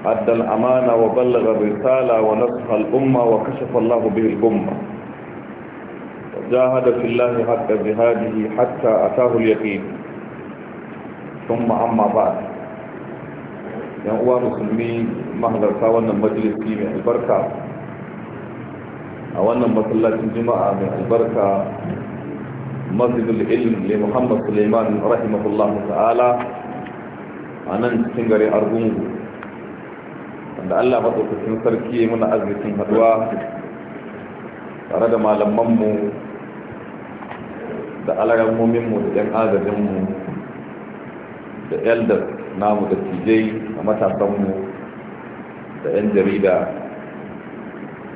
أدى الأمانة وبلغ الرسالة ونصح الأمة وكشف الله به الأمة جاهد في الله حق جهاده حتى أتاه اليقين ثم أما بعد yan uwa musulmi mahalarta wannan majalisi mai albarka a wannan masallacin juma'a mai albarka masjidul ilm ne muhammad suleiman rahimahullahu ta'ala a nan cikin gari argungu da Allah maɗaukakin sarki muna arzikin haduwa tare da malamanmu da alarammominmu da ‘yan agajinmu da eldar namu da tijai da matasanmu da ‘yan jarida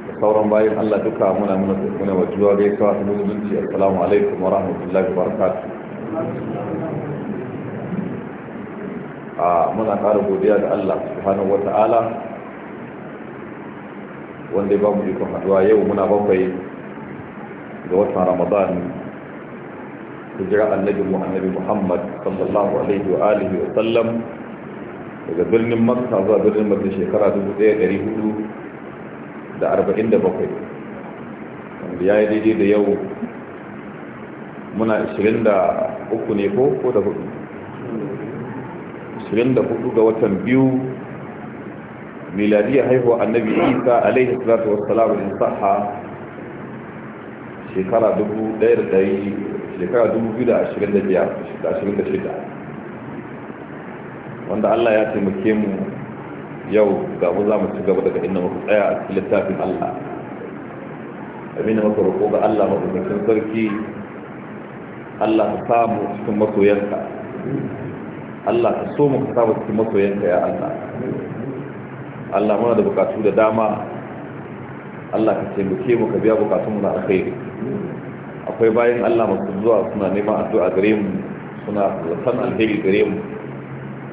da sauran bayan Allah duka muna muna wajuwa gaisuwa su musulunci assalamu alaikum wa rahmatullahi wa barakatu. a muna ƙara godiya da Allah subhanahu ta'ala. wanda ba mu ikon haduwa yau muna bakwai ga watan ramadan hijira annabi mu muhammad sallallahu alaihi wa alihi wa sallam daga birnin makka zuwa birnin makka shekara 1447 wanda ya yi daidai da yau muna 23 ne ko da 4 24 ga watan biyu miladiyya haihuwa annabi isa alaihi salatu wassalamu in sahha shekara 1100 shekara 2025 wanda Allah ya taimake mu yau ga mu za mu ci gaba daga inda muka tsaya a cikin littafin Allah abin da muka roƙo ga Allah maɗaukakin sarki Allah ka samu cikin masoyanka Allah ka so mu ka samu cikin masoyanka ya Allah Allah muna da bukatu da dama Allah ka taimake mu ka biya bukatunmu na alkhairi akwai bayan Allah masu zuwa suna neman addu'a gare mu suna san alheri gare mu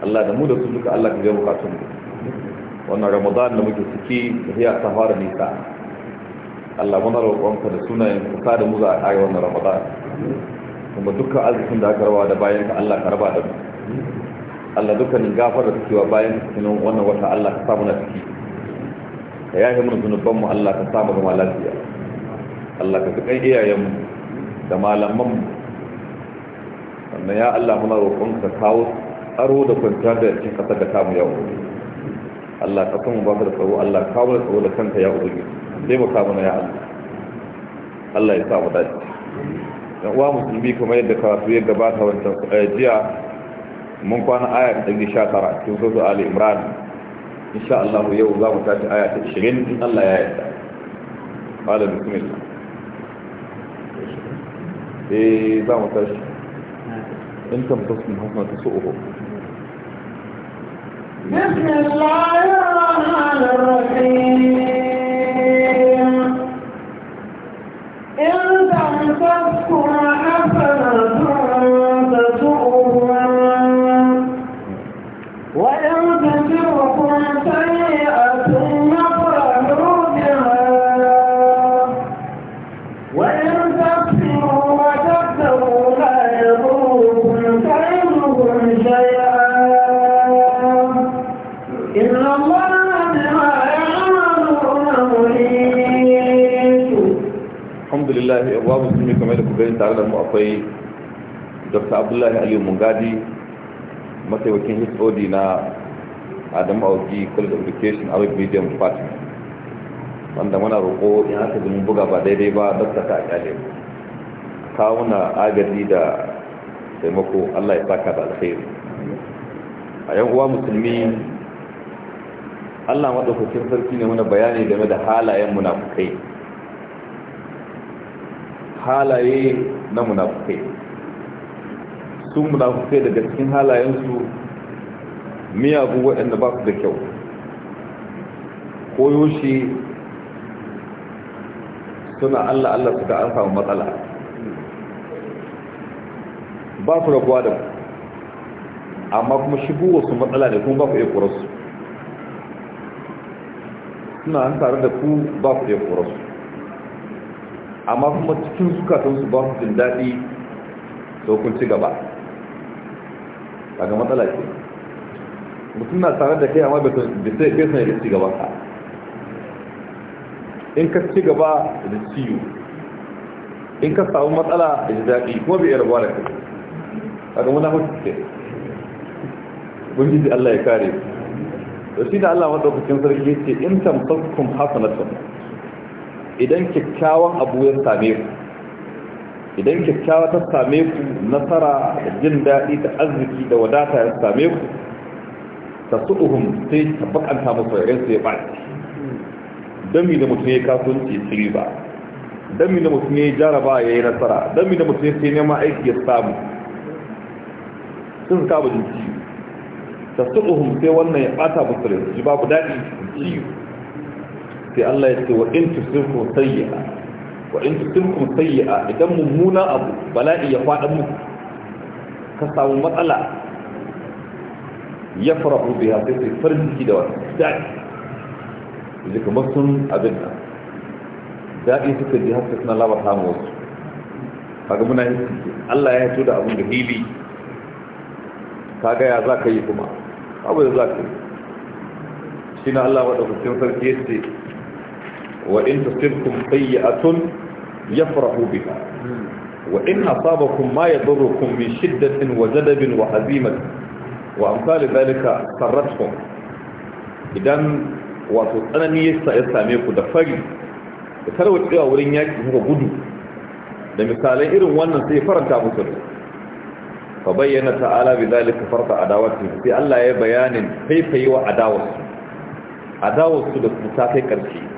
Allah da mu da su duka Allah ka biya bukatunmu wannan Ramadan da muke ciki da ya ta fara nisa Allah muna roƙonka da sunayen ka sa da mu za a kai wannan Ramadan kuma dukkan arzikin da aka rawa da bayan ka Allah ka raba da mu Allah dukkanin kake wa bayan cikin wannan wata Allah ka samu na ciki ka yafe mun zunuban mu Allah ka samu zama lafiya Allah ka fi kan iyayen da malaman sannan ya Allah muna roƙon ka kawo tsaro da kwanciyar da cikin ƙasar da kamu ya Allah ka san mu ba da tsaro Allah kawo da tsaro da kanka ya ubangi sai mu kamu na ya Allah Allah ya sa mu dace yan uwa musulmi kamar yadda karatu ya gabata wancan eh, jiya mun kwana aya ta ɗari sha tara cikin sosu ali imran insha Allah yau za mu tashi aya ta ishirin in Allah ya yarda bada bismillah eh za mu tashi in tamtasun hasna ta su'uhu بسم الله الرحمن الرحيم tambayin tare da mu akwai dr abdullahi aliyu mungadi mataimakin hod na adamu auki college of education arabic medium Party. wanda mana roƙo in aka zama buga ba daidai ba dr ta akyale kawo na agaji da taimako allah ya saka da alkhairi a yan uwa musulmi allah maɗaukacin sarki ne muna bayani game da halayen munafukai halaye na munafukai sun munafukai daga cikin halayensu miyagu waɗanda ba su da kyau koyo shi suna allah allah su da an samu matsala ba su rabuwa da amma kuma shigo wasu matsala ne kuma ba ku iya kurasu suna an tare da ku ba ku iya kurasu amma kuma cikin sukatunsu ba su jin daɗi to kun ci gaba ga matsala ce mutum na tare da kai amma bai sai kai sanar da ci gaba ka in ka ci gaba da ciwo in ka samu matsala da ji daɗi kuma bai yarwa da kai daga muna hutu ce ubangiji Allah ya kare da shi da Allah matsaukacin kucin sarki ce in tamsakkum hasanatun idan kyakkyawan abu ya same ku idan kyakkyawa ta same ku nasara da jin daɗi da arziki da wadata ya same ku ta suɗuhun sai ta bakanta musu yarensu ya ɓaci dami da mutum ya kasuwanci siri ba dami da mutum ya yi jaraba ya yi nasara dami da mutum ya sai neman aiki ya samu sun kama jin ciwo ta suɗuhun sai wannan ya ɓata musu yarensu ji ku daɗi ciwo sai Allah ya ce wa in tusirkum sayyi'a wa in tusirkum sayyi'a idan mummuna abu bala'i ya faɗa muku ka samu matsala ya farahu biya sai sai farin ciki da wani daɗi da kamar sun abin nan daɗi suka ji har suna laba samu wasu kaga muna yi Allah ya hito da abin da hili kaga ya za ka yi kuma abu da za ka yi shi na Allah wadda hukun sarki ya ce wa in tusibkum sayyi'atun yafrahu biha wa in asabakum ma yadurrukum min shiddatin wa jadabin wa hazimatin wa amsal dhalika sarratkum idan wato tsanani ya same ku da fari da tarwatsewa wurin yaki kuka gudu da misalin irin wannan sai faranta musu fa bayyana ta'ala bi zalika sai Allah ya bayanin kaifayi wa da su ta kai karshe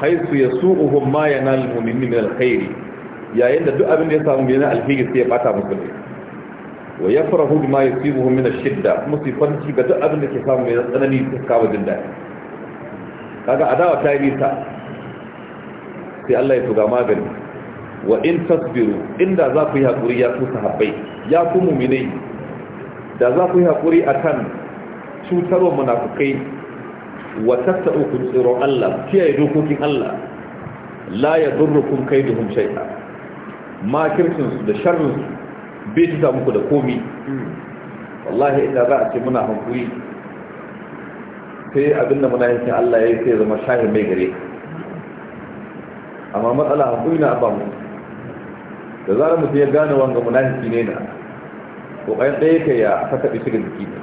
haisu ya su'uhum ma nan mu'minin na alkhairi yayin da duk abin da ya samu mai na sai ya bata ne wa ya ma ya yusibuhum min ash-shidda musifan ci ga duk abin da ke samu mai tsanani ta kawo jin dadi kaga adawa ta yi ta sai Allah ya tuga magani wa in tasbiru inda za ku yi hakuri ya ku sahabbai ya ku mu'minai da za ku yi hakuri akan cutarwa munafikai wa tatta'u kun tsoron Allah kiyaye dokokin Allah la ya da kaiduhum shay'a ma kirkin su da sharrin su bai tuta muku da komi wallahi idan za a ce muna hankuri sai abinda muna yankin Allah ya yi sai zama shahin mai gare amma matsala hankuri na ba mu da zarar mutum ya gane wanga munafiki ne na kokarin ɗaya ka ya saka bi jiki ne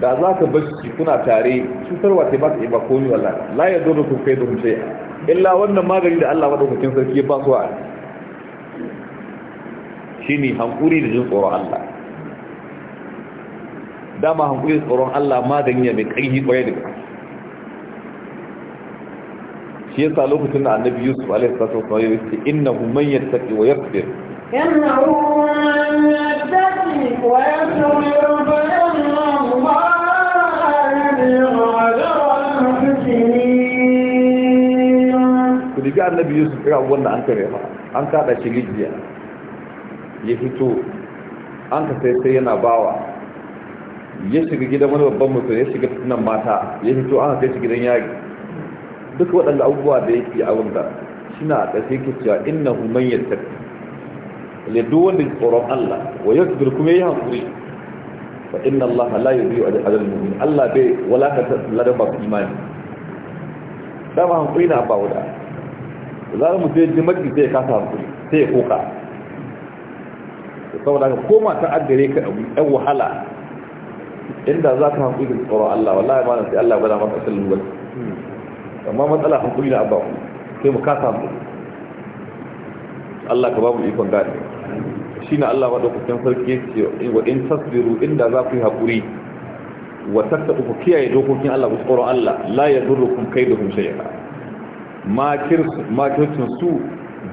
da za ka bacci kuna tare cutarwa ce ba ta ba komi wallah la ya zo da kun kai da kun ce illa wannan magani da Allah madaukakin sarki ya ba su a shine hankuri da jin tsoron Allah dama hankuri da tsoron Allah magani ya mai ƙarfi kwaye da ƙarfi shi yasa lokacin da annabi Yusuf alaihi salatu wasallam ya ce innahu man yattaqi wa yasbir innahu man yattaqi wa yasbir ga annabi yusuf kira wanda an kare ba an kada shi rijiya ya fito an ka sai sai yana bawa ya shiga gidan wani babban mutum ya shiga tunan mata ya fito an kai shi gidan yaki Duka waɗanda abubuwa da ya yake a wanda suna a ƙasai ke cewa inna human ya tafi da duk wanda ya tsoron Allah wa ya tafi kuma ya hankuri fa inna Allah la biyu wa ajal mu'min Allah bai wala ka ladan ba imani dama hankuri na ba wada zarar mutum ya ji sai ya kasa sai ya koka saboda ka koma ta agare ka ɗan wahala inda za ka hankali da tsoron Allah wallahi ba na sai Allah bada maka asalin wani amma matsala hankali na abawa sai mu kasa mu Allah ka babu ikon gani shi na Allah ba dokokin sarki ce wa in tasbiru inda za ku yi haƙuri wa tattaɓa ku kiyaye dokokin Allah ku tsoron Allah la ya zurrukum kai da kun shayar makircin su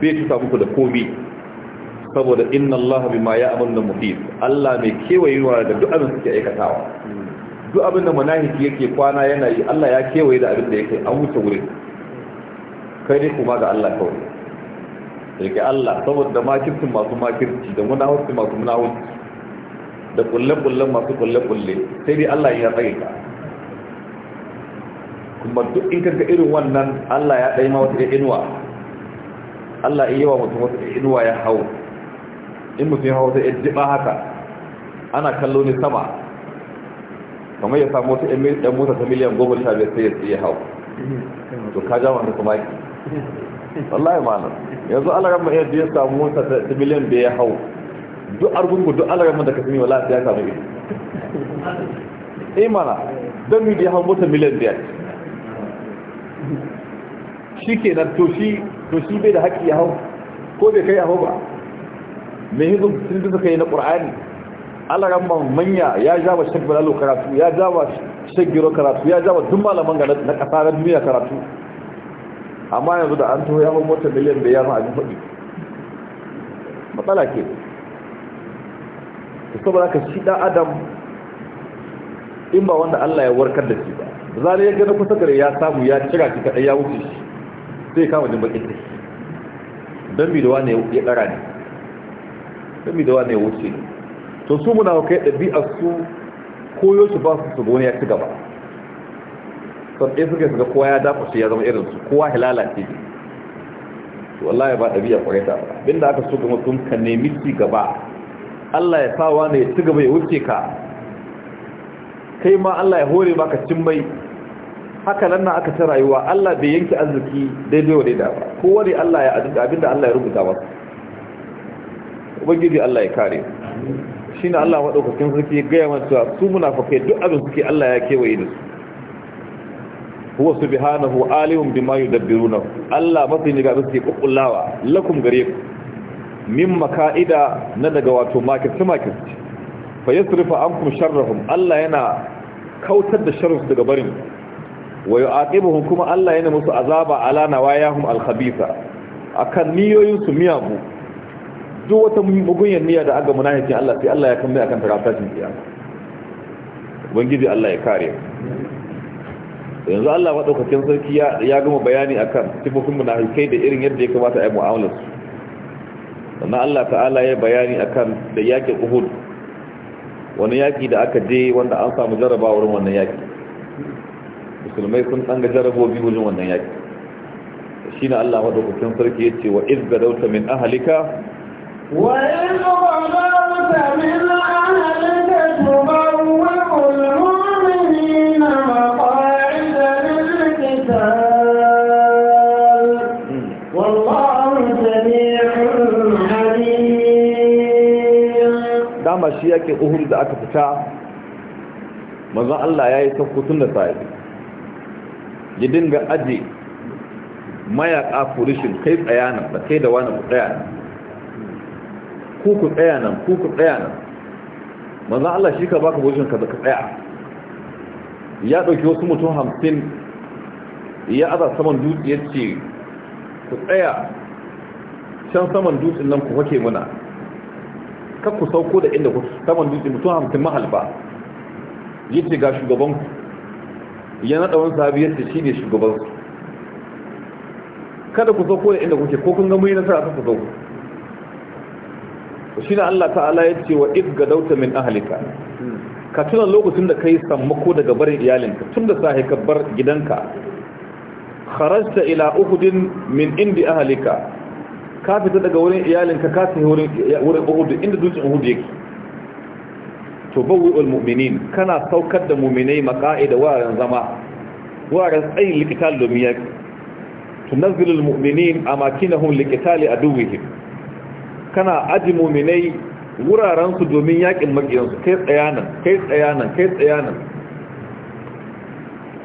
bai tuta muku da komi saboda inna Allah bi ma ya abin da muhis Allah mai wa da duk abin suke aikatawa duk abin da manahiki yake kwana yana yi Allah ya kewaye da abin da yake an wuce wurin kai ne kuma ga Allah kawai yake Allah saboda makircin masu makirci da munawarci masu munawarci, da kulle kulle masu kulle-kulle sai dai Allah ya tsaye ka kuma duk in kaga irin wannan Allah ya ma wata ɗaya inuwa Allah iya wa mutum wata inuwa ya hau in mutum ya hau ta ɗaya jiɓa haka ana kallo ne sama kamar ya samu wata ɗan mota ta miliyan goma sha biyar sai ya hau to ka ja wanda kuma ki wallahi ma'ana. yanzu Allah ramma ya samu wata ta miliyan da ya hau duk argungu duk Allah ramma da ka sami wala ya samu ido imana eh don mu da ya hau mota miliyan biyar shi ke nan to shi bai da haƙƙi ya hau ko bai kai ya hau ba mai hizo sun duka kai yi na ƙur'ani Allah ramban manya ya ja wa shek balalo karatu ya ja wa giro karatu ya ja wa duk malaman ga na ƙasarar duniya karatu amma yanzu da an taho yahu hau mota miliyan da ya ma abin faɗi matsala ke da saboda ka shi ɗan adam in ba wanda Allah ya warkar da shi ba zane ya gani kusa gare ya samu ya cira shi kaɗai ya wuce shi sai kawo jin bakin ciki don bi da wane ya ɗara ne don bi da wane ya wuce ne to su muna kai a su koyo su ba su wani ya ci gaba sau ɗaya su suka kowa ya dafa shi ya zama irin su kowa hilala ce to Allah ya ba ɗabi'a kwarai ta ba abinda aka so kuma mutum ka nemi ci gaba Allah ya sa wani ya ci gaba ya wuce ka kai ma Allah ya hore maka cin mai haka nan aka ta rayuwa Allah bai yanke arziki daidai wa daida ba kowa Allah ya azuka abinda Allah ya rubuta ba ubangiji Allah ya kare shi ne Allah maɗaukakin sarki gaya cewa su munafakai duk abin suke Allah ya kewaye da su huwa su bi hana hu alihun bi mayu dabbiru na Allah masu yin gabin suke ƙuƙullawa lakum gare ku min maka'ida na daga wato makis-makis fa yi surfa an kuma sharrahun Allah yana kautar da sharruf daga barin wa yu'aqibuhum kuma Allah yana musu azaba ala nawayahum al-khabitha akan niyoyin su miyagu duk wata mugunyar niyya da aga munafiki Allah sai Allah ya kamme akan tarafashin kiyama ubangiji Allah ya kare yanzu Allah madaukakin sarki ya ya gama bayani akan sifofin munafikai da irin yadda ya kamata a yi mu'amala, su sannan Allah ta'ala ya bayani akan da yaƙin Uhud wani yaƙi da aka je wanda an samu jarabawar wannan yaƙi musulmai sun tsanga jarabobi wajen wannan yaƙi. shi na Allah madaukakin sarki ya ce wa iz gadauta min ahalika wa dama shi yake uhuru da aka fita manzon Allah ya yi tafkutun da sai ya dinga aje mayaka furishin kai tsaya nan da kai da wani ku tsaya nan Kuku tsaya nan kuku tsaya nan manzan Allah shi ka baka bujin ka zaka tsaya ya ɗauki wasu mutum hamsin ya aza saman dutse ya ce ku tsaya can saman dutsen nan ku hake muna kakku sauko da inda ku saman dutse mutum hamsin mahalba ya ce ga shugabanku ya naɗa wani sahabi yadda shi ne shugabansu kada ku zo kone inda kuke ko kun ga muyi nasara ku sauko shi na Allah ta'ala ya ce wa ga dauta min ahalika ka tuna lokacin da ka yi sammako daga barin iyalinka tun da sahi ka bar gidanka kharajta ila uhudin min indi ahalika ka fita daga wurin iyalinka ka tafi wurin uhud inda dutsen uhud yake tubawwi'ul mu'minin kana saukar da mu'minai maqa'ida ran zama ran tsayin likital domin yaki tunazzilul mu'minin amakinahum likitali aduwihim kana aji mu'minai wuraren su domin yakin su kai tsayana kai tsayana kai tsayana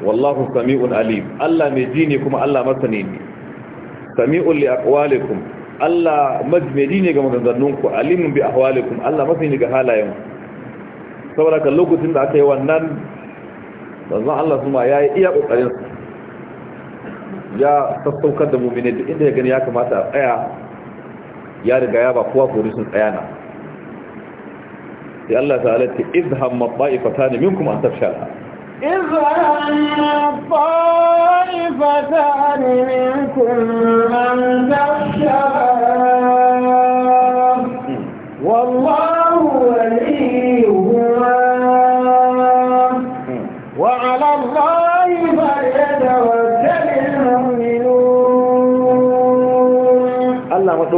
wallahu sami'un alim Allah mai ji ne kuma Allah masani ne sami'un li aqwalikum Allah majmidi ne ga maganganunku alimun bi ahwalikum Allah masani ga halayenku saboda kan lokacin da aka yi wannan manzon Allah kuma ya yi iya kokarin ya sassaukar da mu'mini duk inda ya gani ya kamata a tsaya ya riga ya ba kowa kori sun tsaya na sai Allah ta'ala ta izham maba'ifatan kuma an tafshala إذ أن الطائفتان منكم من تخشى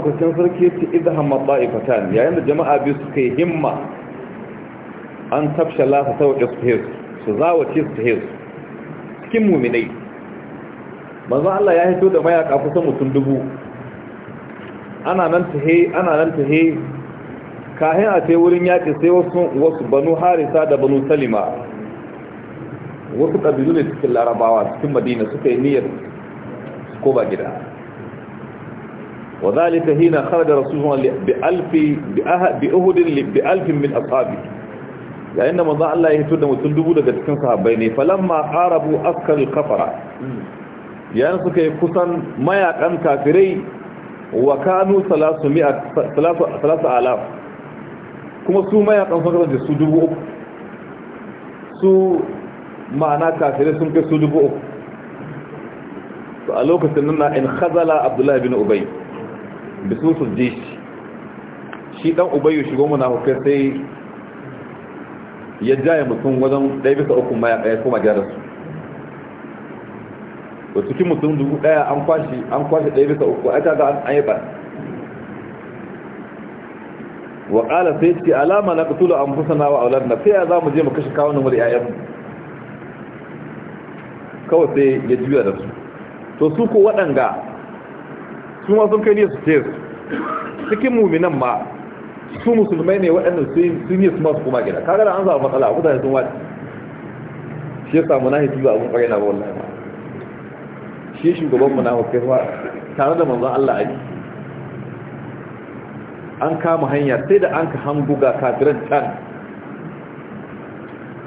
madaukakin sarki ce idza hamma ne, yayin da jama'a biyu suka yi himma an tafsha lafa ta su suhis su zawace suhis cikin mu'minai manzo Allah ya hito da mayaka kusan mutum dubu ana nan tahe ana nan tahe kahin a ce wurin yaƙi sai wasu wasu banu harisa da banu salima wasu ƙabilu ne cikin larabawa cikin madina suka yi niyyar ko ba gida وذلك هنا خرج رسول الله بألف بأهد بألف من أصحابه لأن من ضع الله يهتد وتلدبوا لك تكن صحابيني فلما عاربوا أسكر الكفرة يعني سكي كسن ما يكن كافري وكانوا ثلاثمائة ثلاثة آلاف كما سو ما يكن سكرا جسو دبوا su ma'ana kafirai sun kai su dubu uku a lokacin nuna in khazala abdullahi bin ubai da jishi, su shi shi dan ubayyu shigo munafukai sai ya jaya mutum wajen ɗaya bisa uku mayaƙa ya kuma gyara su da cikin mutum dubu ɗaya an kwashi an kwashi ɗaya bisa uku a ga an yi ba wa ƙala sai ce alama na ƙutula an fusa na wa aular na sai za mu je mu kashe kawunan wani ƴaƴan kawai sai ya juya da su to su ko waɗanga su ma kai ne su ce cikin muminan ma su musulmai ne waɗannan sun yi su masu kuma gida kaga da an zama matsala a kudanen sun wata shi ya samu nahi tuba abin ƙwarai na ba wallahi shi shugaban mu na hukai ba tare da manzon Allah ali an kama hanya sai da an ka hangu ga kafiran can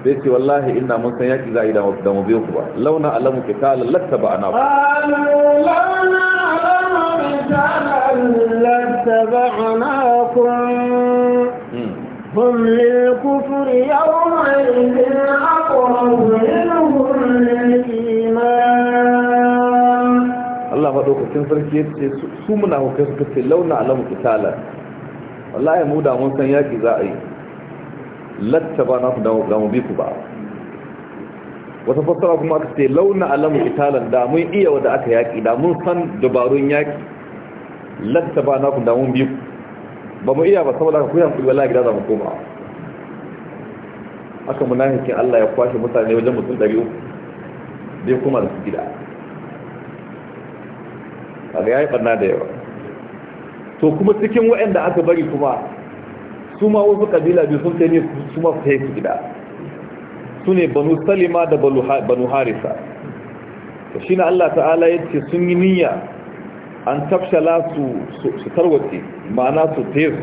sai ce wallahi ina mun san yaki za a yi da mu biyo ku ba launa alamu ke ta lalata ba a na ba. رجالا لاتبعناكم هم للكفر يومئذ أقرب منهم للإيمان الله مدوكتين فرقية سومنا وكسكت لونا على مقتالا wallahi mu da mun san yaki za a yi lattaba na ku da mu bi ku ba wata fassara kuma aka ce launa alamu italan da mun iya wadda aka yaƙi da mun san dabarun yaƙi latta ba na ku da mun biyu ba mu iya ba saboda ku yan kuyi wallahi gida za mu koma aka munafikin Allah ya kwashe mutane wajen mutum 300 zai kuma da su gida ga yayi banna da yawa to kuma cikin waɗanda aka bari kuma su ma wasu kabila biyu sun kai ne su ma su kai su gida su ne banu salima da banu harisa shi na Allah ta'ala ya ce sun yi niyya an tafshala su tarwace ma'ana su tezu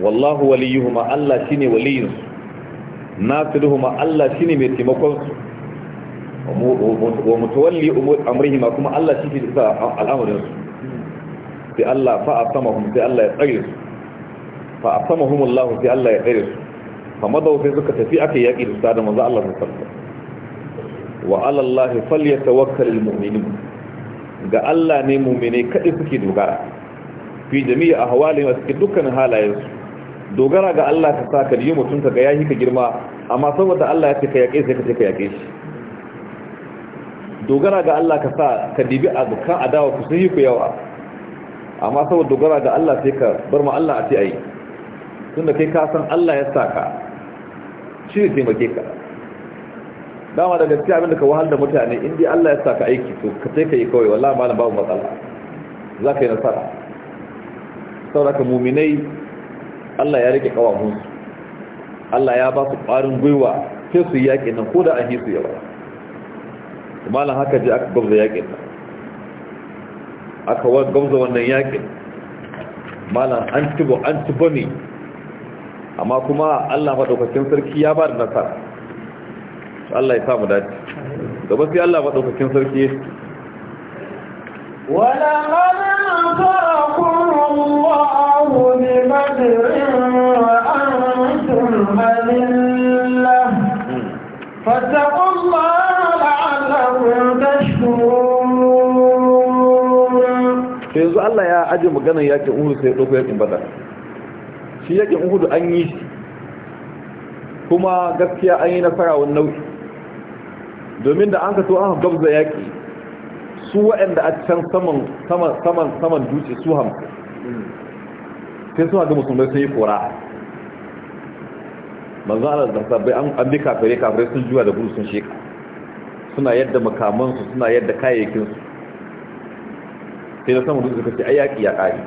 wallahu ma Allah shine waliyinsu ma Allah shine mai taimakonsu wa mutawalli amrihima kuma Allah shi ke da al'amuransu sai Allah fa'a samahum sai Allah ya tsare su fa'a samahum Allah sai Allah ya tsare su kamar da sai suka tafi aka yaƙi da sada manzo Allah sun sarfa wa ala Allah falyatawakkal almu'minun ga Allah ne mu'mine kadai suke dogara fi jami'i ahwalihim suke dukkan halayensu dogara ga Allah ka sa ka yi mutum ka ga yayi ka girma amma saboda Allah ya ce ka yaƙe sai ka ce ka yaƙe shi dogara ga Allah ka sa ka dibi abukan adawa ku sai ku yawa amma saboda dogara ga Allah sai ka bar mu Allah a ce ayi tunda kai ka san Allah ya saka shi ne taimake ka dama da gaske abinda ka wahal da mutane in Allah ya saka aiki to ka ce ka yi kawai wallahi malam babu matsala za ka yi nasara ka muminai Allah ya rike kawamunsu Allah ya ba su ƙwarin gwiwa sai su yaƙi nan ko da an hisu yawa malam haka je aka gwamza yaƙin nan aka gwamza wannan yaƙin malam an tubo an tubo ne amma kuma Allah madaukakin sarki ya ba da nasara Allah ya samu dace ba sai Allah madaukakin sarki wala hmm. Allah ya Allahu magana wa ya aje maganar sai ya dauko yakin Badr shi yake uhudu an yi shi kuma gaskiya an yi nasara wani nau'i domin da an ka to an gabza yaƙi su waɗanda a can saman saman saman saman dutse su hamsin sai suna ga musulmai sun yi kora manzan da sabbai an bi kafirai kafirai sun juwa da gudu sun sheka suna yadda makamansu suna yadda kayayyakinsu sai na saman dutse suka ce ai yaƙi ya ƙari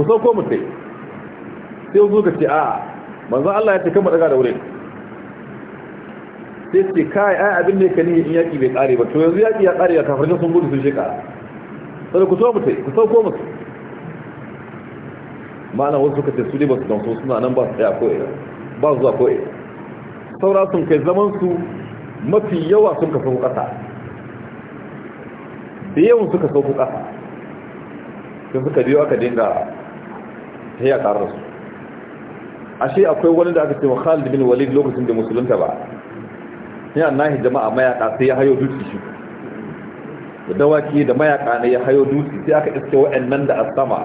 ku sauko mutai sai zo ga ce a manzo Allah ya ce kamar daga da wurin sai ce kai ai abin ne kani in yaki bai kare ba to yanzu yaki ya kare ya kafirin sun gudu sun shekara sai ku so mu ku sauko mu mana wasu suka ce su ne ba su gamsu suna nan ba su tsaya ko ina ba zuwa ko ina saura sun kai zaman su mafi yawa sun ka sauko kasa da yawan suka sauka kasa sun suka biyo aka dinga ta yi a karar su ashe akwai wani da aka ce wa Khalid bin Walid lokacin da musulunta ba yana nahi jama'a mayaka sai ya hayo dutse shi da dawaki da mayaka ne ya hayo dutse sai aka iske wa'annan da asama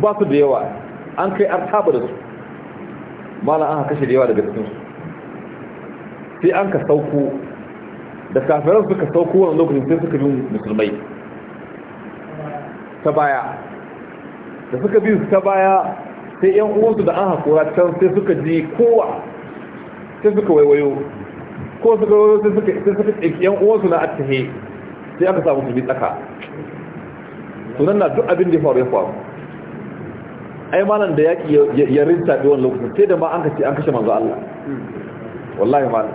ba su da yawa an kai artaba da su mala an kashe da yawa daga cikin su sai an ka sauko da kafiran suka sauko wannan lokacin sai suka bi musulmai ta baya da suka bi su ta baya sai yan uwansu da an haƙura can sai suka ji kowa sai suka waiwayo ko suka waiwayo sai suka yi yan uwansu na attahe sai aka samu su bi tsaka sunan na duk abin da faru ya faru ai malam da yaƙi ya rinta bi wani lokacin sai da ma an kace an kashe manzo Allah wallahi malam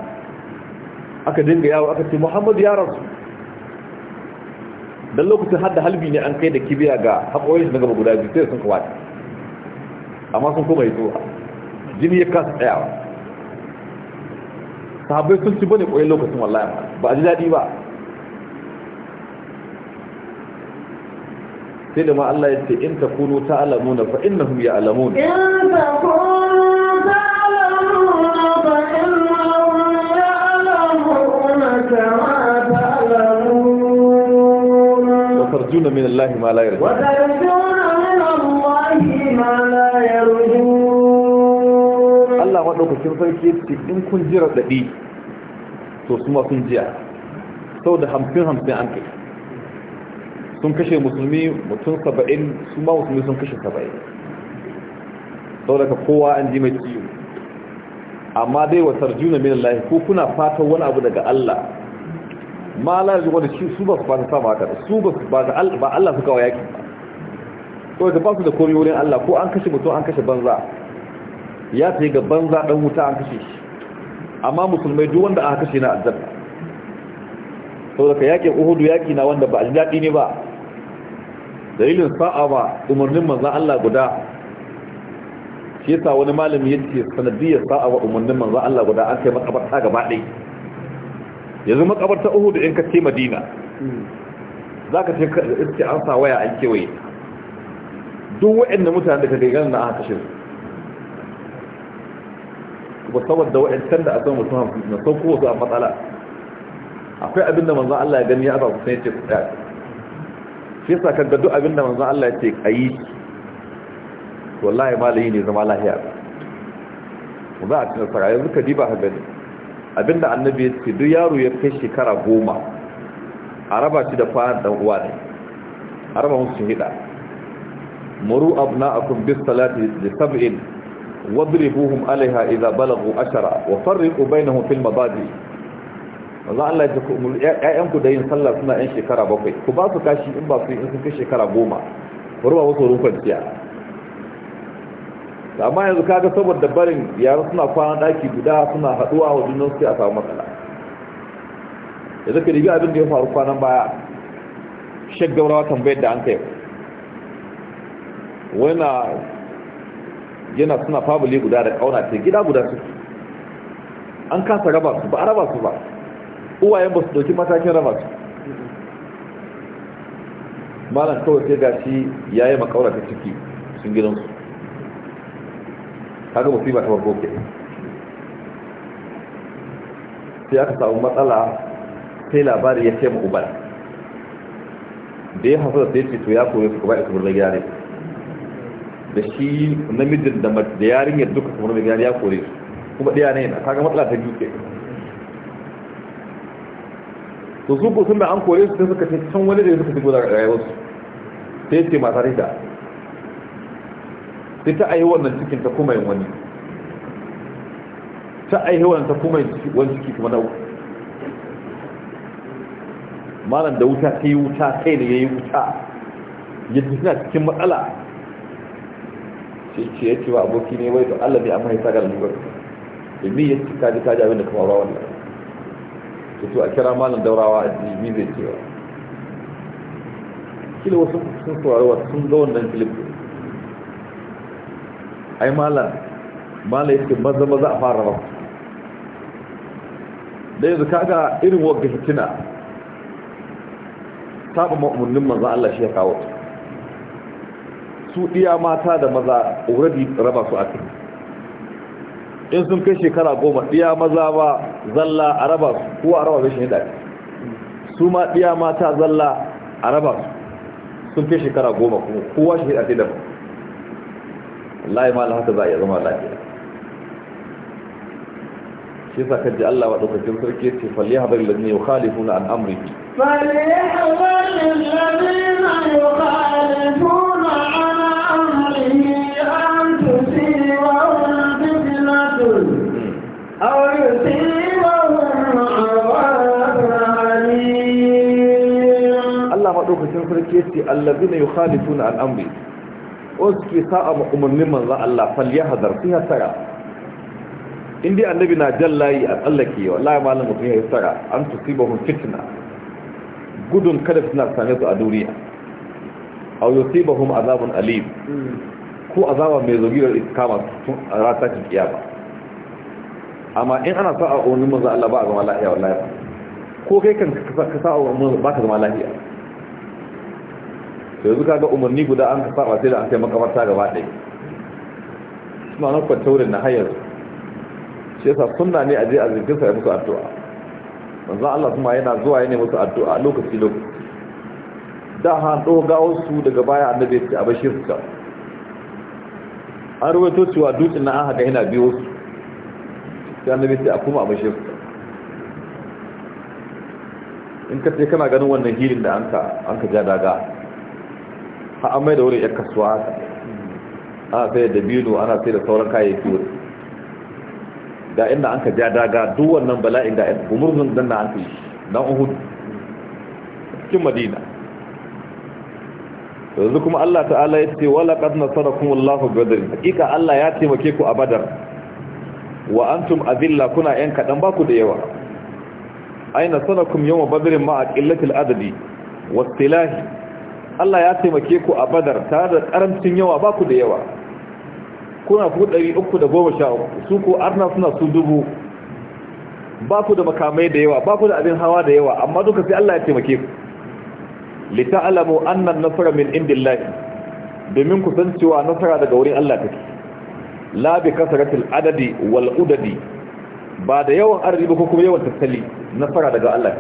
aka dinga yawo aka ce Muhammadu ya rasu dan lokacin hadda halbi ne an kai da kibiya ga haƙoyin shi na gaba guda biyu sai sun kawata amma sun kuma yi zuwa jini ya kasa tsayawa sahabbai sun ci bane koyi lokacin wallahi ba a ji daɗi ba sai da ma Allah ya ce in ta ta'lamuna fa innahum ya'lamun in takunu ta'lamuna fa innahum ya'lamuna kama ta'lamun wa tarjuna min Allah ma la Allah maɗaukacin sarki ce in kun ji raɗaɗi to su ma sun jiya sau da hamsin hamsin an kai sun kashe musulmi mutum saba'in su ma musulmi sun kashe saba'in sau daga kowa an ji mai ciwo amma dai wa juna min Allah ko kuna fatan wani abu daga Allah ma la wani shi su ba su fata sama haka su ba ba Allah suka wa yaƙi ba ko da ba su da komai wurin Allah ko an kashe mutum an kashe banza ya tayi ga banza dan wuta an kashe shi amma musulmai duk wanda aka kashe na aljanna to daga yake uhudu yaki na wanda ba aljadi ne ba dalilin sa'a ba umarnin manzon Allah guda shi yasa wani malami yace sanadiyar sa'a wa umarnin manzo Allah guda an kai makabarta gaba ɗaya yanzu makabarta Uhud in ka ce Madina hmm. zaka ce ka iske an sa waya an kewaye duk waɗanda mutane da kake ganin na aka kashe su ba saboda waɗancan da a zama mutum hamsin na sauko su a matsala akwai abin da manzan Allah ya gani ya zaɓa sai ce ku ɗaya shi sa kan gado abin da manzan Allah ya ce a yi wallahi malayi ne zama lahiya ba za a cikin sara yanzu ka diba ka gani abin da annabi ya ce duk yaro ya kai shekara goma a raba shi da fara dan uwa ne a raba musu shi hida muru abna'akum bis salati li sab'in wadribuhum alaiha idza balagu ashara wa farriqu bainahum fil mabadi Allah Allah ya ku ƴaƴan ku da yin sallah suna ƴan shekara bakwai ku ba su kashi in ba su in sun kai shekara goma ruwa wasu rufan tiya amma yanzu kaga saboda barin yara suna kwana daki guda suna haduwa wa junan sai a samu matsala yanzu ka riga abin da ya faru kwanan baya shaggaurawa tambayar da an kai wana yana suna fabuli guda da kauna ce gida guda su an kasa raba su ba a raba su ba uwayen ba su doki matakin raba su malam kawai sai gashi ya yi makaura ta ciki sun gidansu kaga musiba ta farko ke sai aka samu matsala sai labari ya ce mu ubar da ya hasu da sai ce to ya koyo su kuma ita burin gida ne da shi namijin da da yadda duka kamar mai gani ya kore su kuma ɗaya ne yana kaga matsala ta biyu ke to su kusan da an kore su sai suka ce can wani da ya suka shigo da rayuwarsu sai ce masu rida sai ta aihe wannan cikin ta kuma yin wani ta aihe wannan ta kuma yin wani ciki kuma na malam da wuta ta yi wuta kai da ya yi wuta yadda suna cikin matsala ce ya ce wa aboki ne wai to Allah bai amma ya sa galan gwar ilmi ya ce kaji kaji abin da kuma ba wannan ya to a kira malam daurawa a ji mi zai cewa kila wasu sun wa sun ga wannan filip ai malam malam ya ce maza maza a fara rabu da yanzu kaga irin wagga fitina saba ma'amunin manzan Allah shi ya kawo ta su ɗiya mata da maza already raba su a cikin, in sun kai shekara goma ɗiya maza ba zalla a raba su ko a raba shi ne da su ma ɗiya mata zalla a raba su sun kai shekara goma kuma kowa shi ne da ba wallahi ma haka za a iya zama lafiya shi yasa kan ji Allah madaukakin sarki ce, yace falli hadar ladina yukhalifuna an amri falli yau, ladina yukhalifuna an madaukakin sarki yace allazina yukhalifuna al-amri wasu sa'a ma umarnin za Allah falliya hadar sun hasara inda annabi na jan layi a tsallake wa layi malin mutum ya sara an tusibahu fitna gudun kada fitna same su a duniya aw yusibahum azabun alim ko azaba mai zogiyar iskama sun a rata ki kiyama amma in ana sa'a umarnin manzan Allah ba a zama lahiya ko kai kan ka sa'a umarnin ba ka zama lahiya to yanzu kaga umarni guda an ka sai da an kai makamarta gaba ɗaya suna nan taurin na hayar shi yasa sunna ne a je a zirgin sa ya musu addu'a manzon Allah kuma yana zuwa ya ne musu addu'a lokaci lokaci da ha dogawo su daga baya annabi ya ce a bashir su an rubuto cewa dutsen na an haka yana biyo su sai annabi ya a kuma a bashir su in ka ce kana ganin wannan hilin da an ka ja daga ha mai da wurin yar kasuwa haka ana sai da bino ana sai da sauran kayayyaki wuri da inda an ka ja daga duk wannan bala'in da gumurzun dan na an fi dan uhud cikin madina yanzu kuma Allah ta'ala ya ce wala qad nasarakum Allahu badr hakika Allah ya taimake ku a badar wa antum azilla kuna yan kadan ba ku da yawa ay nasarakum yawm badr ma aqillatil adadi wasilahi Allah ya taimake ku a badar tare da ƙarancin yawa ba ku da yawa kuna ku uku su ku arna suna su dubu ba ku da makamai da yawa ba ku da abin hawa da yawa amma duka sai Allah ya taimake ku anna annan nasra min indillahi domin ku san cewa nasara daga wurin Allah take la bi kasratil adadi wal udadi ba da yawan arziki ko kuma yawan tattali nasara daga Allah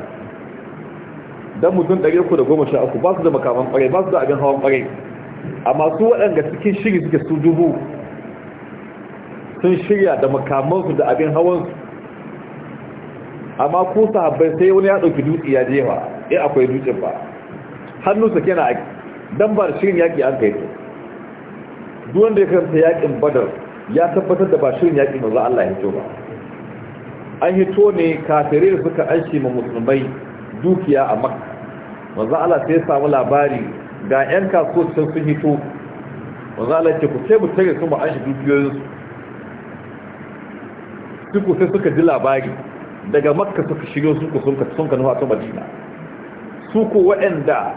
dan mutum 313 ba su da makaman kwarai ba su da abin hawan kwarai amma su waɗanda cikin shiri suke su dubu sun shirya da makamansu da abin hawansu amma ko sahabbai sai wani ya ɗauki dutse ya jefa in akwai dutsen ba sa kena aiki. Dan ba da shirin yaƙi an kai to duwanda ya karanta yaƙin badar ya tabbatar da ba shirin yaƙi maza Allah ya hito ba an hito ne kafirai suka an shi ma musulmai dukiya a makka manzo Allah sai ya samu labari ga ƴan kasuwa sun sun hito manzo Allah ce ku sai mu tare su mu an shi dukiyoyin su suku sai suka ji labari daga makka suka shigo suku sun ka sun ka nufa ta madina su waɗanda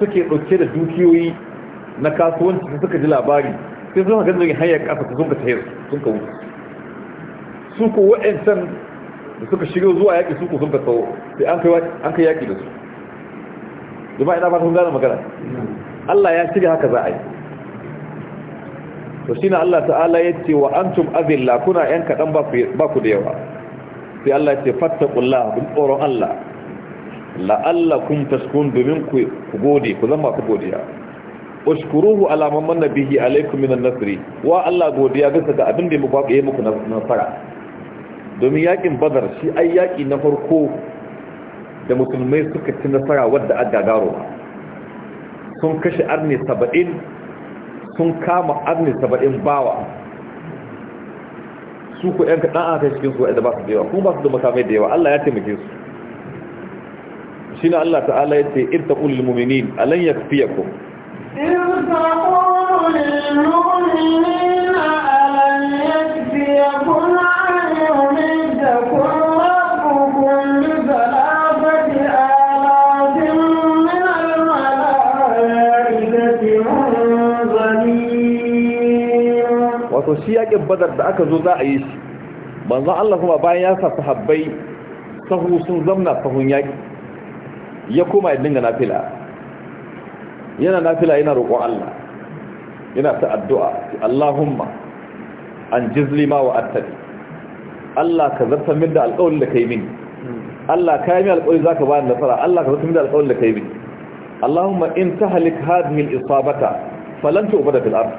suke ɗauke da dukiyoyi na kasuwanci su suka ji labari sai sun ga ganin hanyar ƙasa sun ka tayar sun ka wuce su ko waɗancan da suka shirya zuwa yaƙi su sun ka tsawo sai an kai yaƙi da su jama'a ina fatan gane magana Allah ya shirya haka za a yi to shine Allah ta'ala ya ce wa antum azilla kuna yan kadan ba ku ba ku da yawa sai Allah ya yace fattaqullah bil tsoron Allah la'allakum tashkun domin ku gode ku zama ku godiya ushkuruhu ala man manna bihi alaykum min an-nasri wa Allah godiya gasa ga abin da ya muku ya muku na fara domin yakin badar shi ai yaki na farko da musulmai suka ci nasara wadda an gagaro sun kashe arni saba'in sun kama arni saba'in bawa su ku yanka ɗan aka cikin su da ba su da yawa kuma ba su da makamai da yawa Allah ya taimake su shi na Allah ta'ala ya ce irta ƙulil muminin alan ya fiye ku irta ƙulil muminin alan ya fiye ku wannan shi yakin badar da aka zo za a yi shi manzon Allah kuma bayan ya sa sahabbai sahu sun zamna sahun yaki ya koma ya dinga nafila yana nafila yana roƙon Allah yana ta addu'a Allahumma an jizli ma wa attali Allah ka zarta min da alƙawarin da ka yi min, Allah ka yi min alƙawari zaka bani nasara Allah ka zarta min da alƙawarin da ka yi min. Allahumma in tahlik hadhihi al-isabata falanta tu'bada fil ardh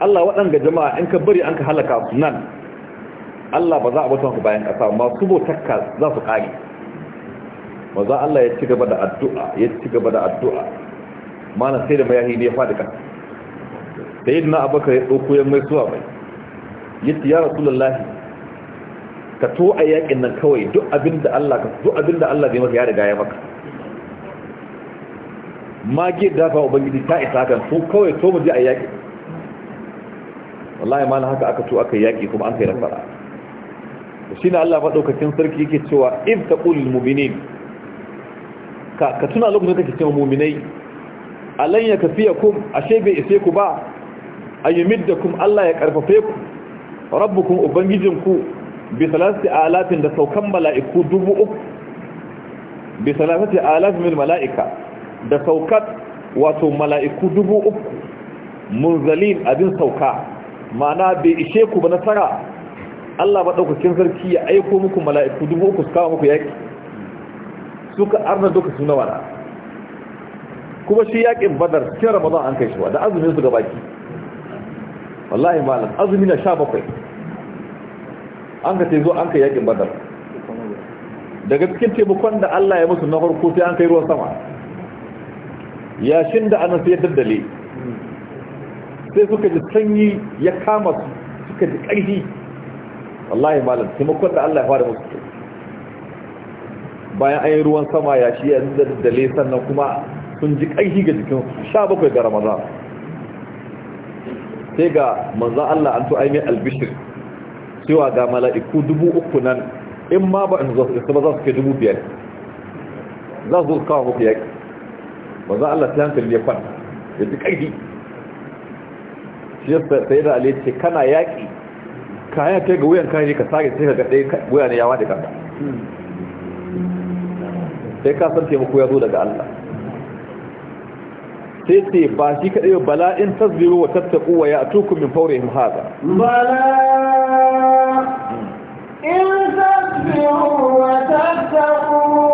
Allah waɗanga jama'a in ka bari an ka halaka nan Allah ba za a bauta ku bayan ƙasa masu bautakka za su ƙari za Allah ya ci gaba da addu'a ya ci gaba da addu'a mana sai da mayahi ne ya faɗi ƙasa da yi na abakar ya ɗauko ya mai suwa mai ya ci ya rasu lallahi ka to a yaƙin nan kawai duk abin da Allah ka duk abin da Allah zai maka ya riga ya maka mage dafa ubangiji ta isa kan to kawai to mu je a yaƙin wallahi ma na haka aka to aka yaki kuma an kai nasara shine Allah madaukakin sarki yake cewa in taqulul mu'minin ka ka tuna lokacin da kake cewa mu'minai alan yakfiyakum ashe bai ise ku ba ayyumiddakum Allah ya karfafe ku rabbukum ubangijinku bi salati alatin da saukan mala'iku dubu uku bi salati alatin min mala'ika da saukat wato mala'iku dubu uku munzalin abin sauka ma'ana bai ishe ku ba nasara Allah ba ɗaukakin sarki ya aiko muku mala'iku dubu uku su kawo muku yaƙi. suka arna duka suna wala kuma shi yaƙin badar cikin ramadan an kai shi wa da azumin su gabaki wallahi malam azumi na bakwai an ka zo an kai yaƙin badar daga cikin taimakon da Allah ya musu na farko sai an kai ruwan sama yashin da anan sai daddale sai suka ji sanyi ya kama su suka ji ƙarfi wallahi malam taimakon da Allah ya fara musu bayan an yi ruwan sama ya shi yanzu da daddale sannan kuma sun ji ƙarfi ga jikin sha bakwai ga ramadan sai ga manzan Allah an to mai albishir cewa ga mala'iku dubu uku nan in ma ba in zo su ba za su ke dubu biyar za su zo kawo muku yaƙi manzan Allah ta hankali ya kwanta ya ji ƙarfi shi sai da ali ce kana yaƙi ka hanya kai ga wuyan kayan ka sage sai ka ga ɗaya wuya ne yawa waɗe kanka sai ka san taimako ya zo daga Allah sai ce ba shi kaɗai bala in tasbiru wa tattaku wa ya tukun min faurihim haza bala in tasbiru wa tattaku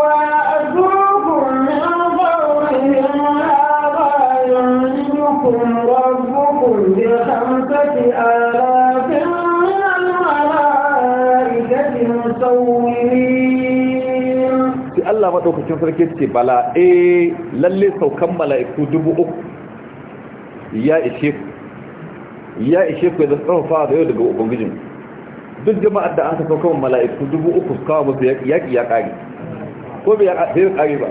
maɗaukacin sarki ce bala eh lalle saukan mala'iku dubu uku ya ishe ku ya ishe ku ya zai tsarfafa da yau daga ubangijin duk jama'ar da an ka saukan mala'iku dubu uku su kawo musu yaƙi ya ƙari ko bai ya ƙari ba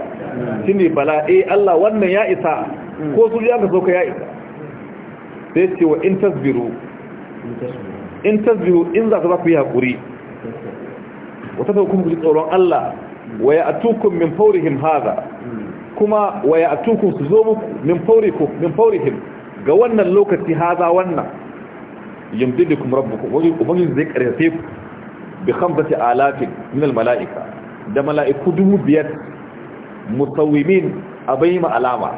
shi ne bala e Allah wannan ya isa ko su ya ka sauka ya isa sai ce wa in tasbiru in tasbiru in za ka za ku yi haƙuri wata sauƙin ku ji tsoron Allah waya atukum min fawrihim hadha kuma waya atukum su zo muku min faurihim? min fawrihim ga wannan lokaci hadha wannan yamdidukum rabbukum ubangiji zai karyace ku bi khamsati alafin min al malaika da malaiku dubu biyar musawimin abai ma alama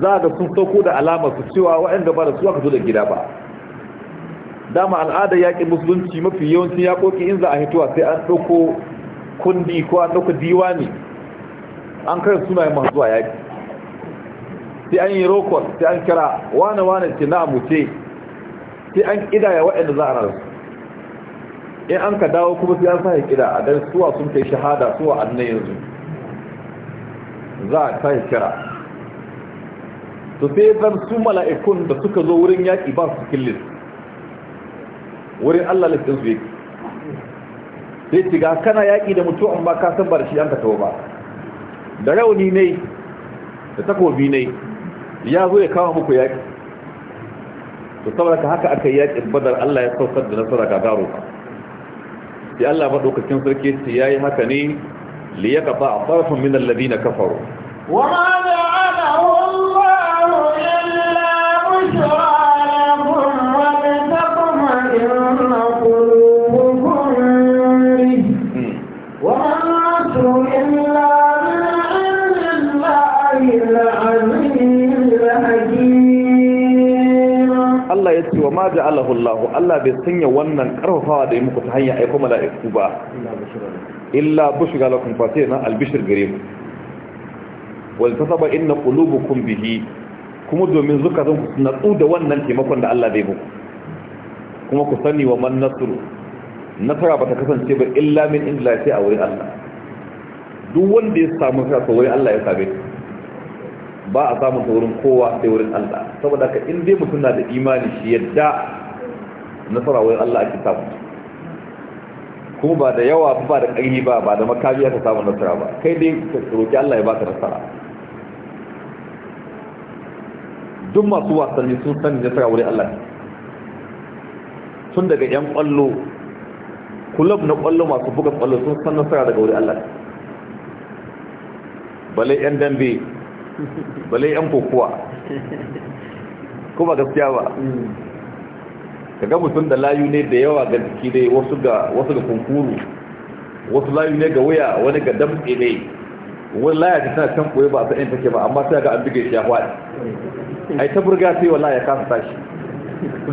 za ga sun sauko da alama su cewa waɗanda ba da su aka zo da gida ba dama al'ada yaƙin musulunci mafi yawancin yaƙoƙi in za a hituwa sai an ɗauko kundi ko an ɗauka diwani an kare sunayen masu zuwa yaƙi sai an yi rokon sai an kira wane-wane ce na amuce sai an ƙidaya waɗanda za a rarrasu in an ka dawo kuma sai an sahi ƙida, a dan suwa sun kai shahada suwa annai yanzu za a sahi kira to sai zan su mala'ikun da suka zo wurin yaƙi ba su killis wurin allah listin su yake sai tiga kana yaƙi da mutum ba ka san ba da shi an ka tawo ba da rauni ne da takobi ne ya zo ya kawo muku yaƙi to saboda haka aka yaƙi badar Allah ya saukar da nasara ga garo ba sai Allah madaukakin sarki ya yayi haka ne li yaqta tarfun min alladhina kafaru wa ma ja ja'alahu Allah Allah bai sanya wannan karfafawa da yi muku ta hanyar aiko mala'iku ba illa bushra shiga lokacin sai na albishir gare mu saba ina inna kun bihi kuma domin zukatan ku natsu da wannan taimakon da Allah bai muku kuma ku sani wa man nasuru, nasara ta kasance ba illa min inda sai a wurin Allah duk wanda ya samu sa wurin Allah ya same ba a samun ta wurin kowa sai wurin Allah saboda ka in dai mutum na da imani shi yadda nasara wurin Allah ake samu kuma ba da yawa ba da ƙarfi ba ba da makami aka samu nasara ba kai dai ka roƙi Allah ya baka nasara duk masu wasanni sun san nasara wurin Allah tun daga yan kwallo kulab na kwallo masu buga kwallo sun san nasara daga wurin Allah balai yan dambe balai yan kokowa kuma gaskiya ba Ka ga mutum da layu ne da yawa ga jiki dai wasu ga kunkuru wasu layu ne ga wuya wani ga damtse ne wani laya ta tana can koyi ba a sa'in take ba amma sai ga an bige shi ya a yi ta burga sai wala ya kasa tashi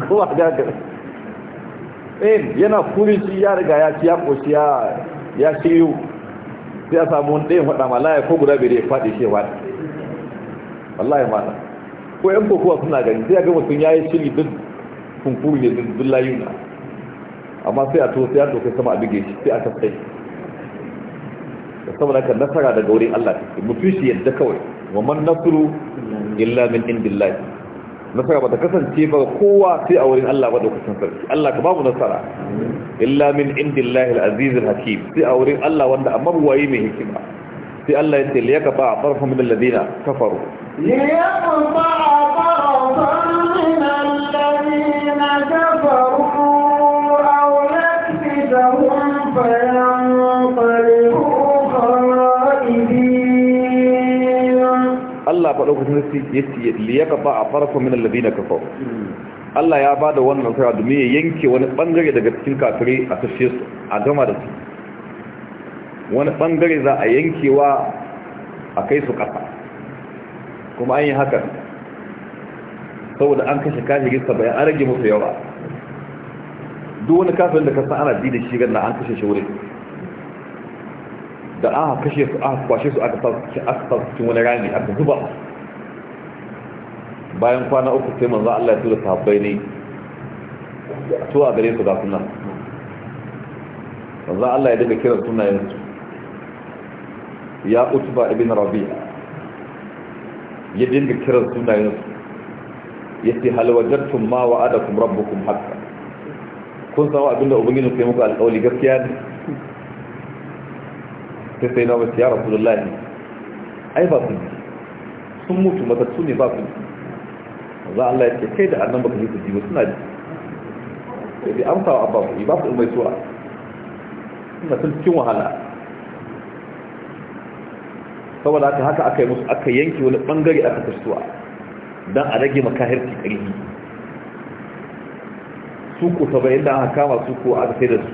kuma ga ga eh yana kurin shi ya riga ya ci ya ƙoshi ya ya shiyu sai a samu wani ɗayan faɗa ma laya ko guda bai da ya faɗi shi ya faɗi ya mana ko yan kokowa suna gani sai a ga mutum ya yi shiri duk kunkuru ne duk layuna amma sai a to sai a to sama a bige shi sai a tafsai saboda ka nasara daga wurin Allah ce mutum shi yadda kawai wa man nasru illa min indillahi nasara ba ta kasance ba kowa sai a wurin Allah madaukakin sarki Allah ka babu nasara illa min indillahi al-aziz al-hakim sai a wurin Allah wanda amma waye mai hikima sai Allah ya ce liyaka ba farhum min alladhina kafaru faɗaukacin liyakaba a farfa min allabi na kafa Allah ya ba da wannan kira domin ya yanke wani ɓangare daga cikin kafirai a tashe su a gama da su wani ɓangare za a yankewa a kai su ƙasa kuma an yi hakan saboda an kashe gista bayan an rage musu yawa duk wani kafin da kasan ana bi da shi ganna an kashe shi wurin da aka kashe su aka kwashe su aka sa cikin wani rami aka zuba bayan kwana uku sai manzo Allah ya tura sahabbai ne to a gare su ga suna? manzo Allah ya daga kiran sunayen su ya utba ibn rabi'a ya dinga kiran sunayensu ya ce halwajartun ma rabu kuma haka kun samu abinda ubangiji sai muku alkawali gaskiya ne sai sai na wasu ya lahi ai ba sun sun mutu matattu ne ba su za Allah ya ce kai da annan baka yi su ji ba suna ji sai amsawa amsa wa abba ba su mai suwa suna sun cikin wahala saboda haka haka aka yi musu aka yanki wani bangare aka kasuwa don a rage makahirci ƙarfi su ku saba inda aka kama su ko aka sai da su